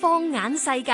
放眼世界，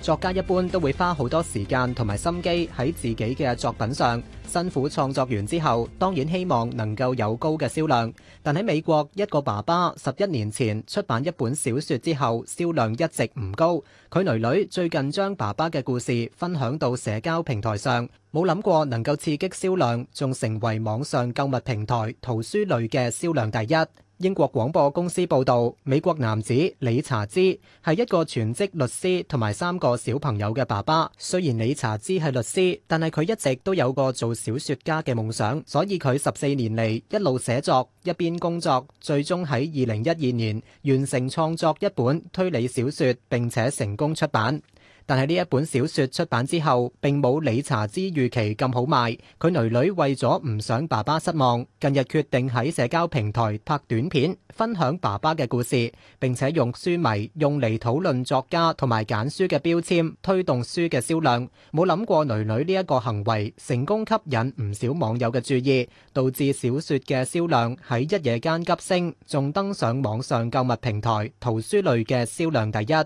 作家一般都會花好多時間同埋心機喺自己嘅作品上。辛苦創作完之後，當然希望能夠有高嘅銷量。但喺美國，一個爸爸十一年前出版一本小說之後，銷量一直唔高。佢女女最近將爸爸嘅故事分享到社交平台上，冇諗過能夠刺激銷量，仲成為網上購物平台圖書類嘅銷量第一。英國廣播公司報道，美國男子理查茲係一個全職律師同埋三個小朋友嘅爸爸。雖然理查茲係律師，但係佢一直都有個做小說家嘅夢想，所以佢十四年嚟一路寫作，一邊工作，最終喺二零一二年完成創作一本推理小說，並且成功出版。但係呢一本小說出版之後，並冇理查茲預期咁好賣。佢囡囡為咗唔想爸爸失望，近日決定喺社交平台拍短片，分享爸爸嘅故事，並且用書迷用嚟討論作家同埋揀書嘅標籤，推動書嘅銷量。冇諗過囡囡呢一個行為成功吸引唔少網友嘅注意，導致小說嘅銷量喺一夜間急升，仲登上網上購物平台圖書類嘅銷量第一。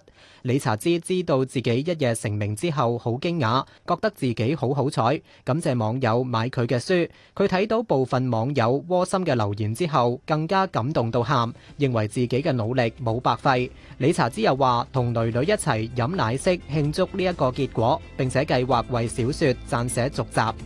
理查茲知道自己一夜成名之後，好驚訝，覺得自己好好彩，感謝網友買佢嘅書。佢睇到部分網友窩心嘅留言之後，更加感動到喊，認為自己嘅努力冇白費。理查之又話，同女女一齊飲奶昔慶祝呢一個結果，並且計劃為小說撰寫續集。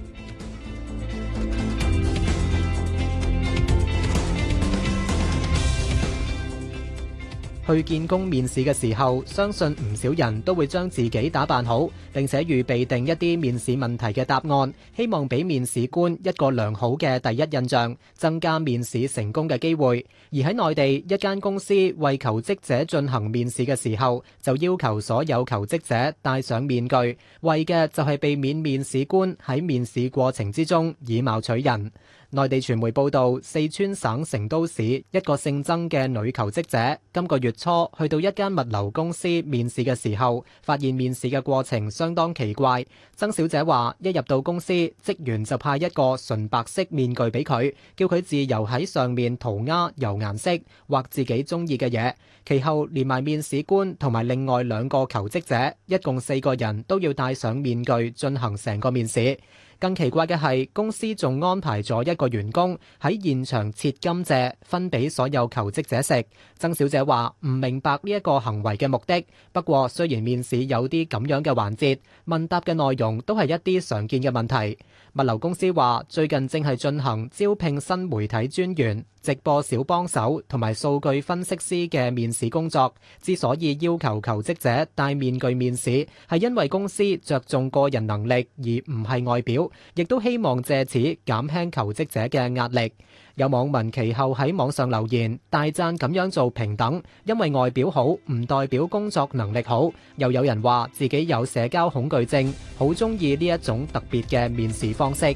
去見工面試嘅時候，相信唔少人都會將自己打扮好，並且預備定一啲面試問題嘅答案，希望俾面試官一個良好嘅第一印象，增加面試成功嘅機會。而喺內地，一間公司為求職者進行面試嘅時候，就要求所有求職者戴上面具，為嘅就係避免面試官喺面試過程之中以貌取人。內地傳媒報道，四川省成都市一個姓曾嘅女求職者，今個月初去到一間物流公司面試嘅時候，發現面試嘅過程相當奇怪。曾小姐話：一入到公司，職員就派一個純白色面具俾佢，叫佢自由喺上面塗鴉、油顏色、畫自己中意嘅嘢。其後連埋面試官同埋另外兩個求職者，一共四個人，都要戴上面具進行成個面試。更奇怪嘅係，公司仲安排咗一個員工喺現場切甘蔗，分俾所有求職者食。曾小姐話唔明白呢一個行為嘅目的。不過雖然面試有啲咁樣嘅環節，問答嘅內容都係一啲常見嘅問題。物流公司話最近正係進行招聘新媒體專員、直播小幫手同埋數據分析師嘅面試工作。之所以要求求職者戴面具面試，係因為公司着重個人能力而唔係外表。亦都希望借此減輕求職者嘅壓力。有網民其後喺網上留言，大讚咁樣做平等，因為外表好，唔代表工作能力好。又有人話自己有社交恐懼症，好中意呢一種特別嘅面試方式。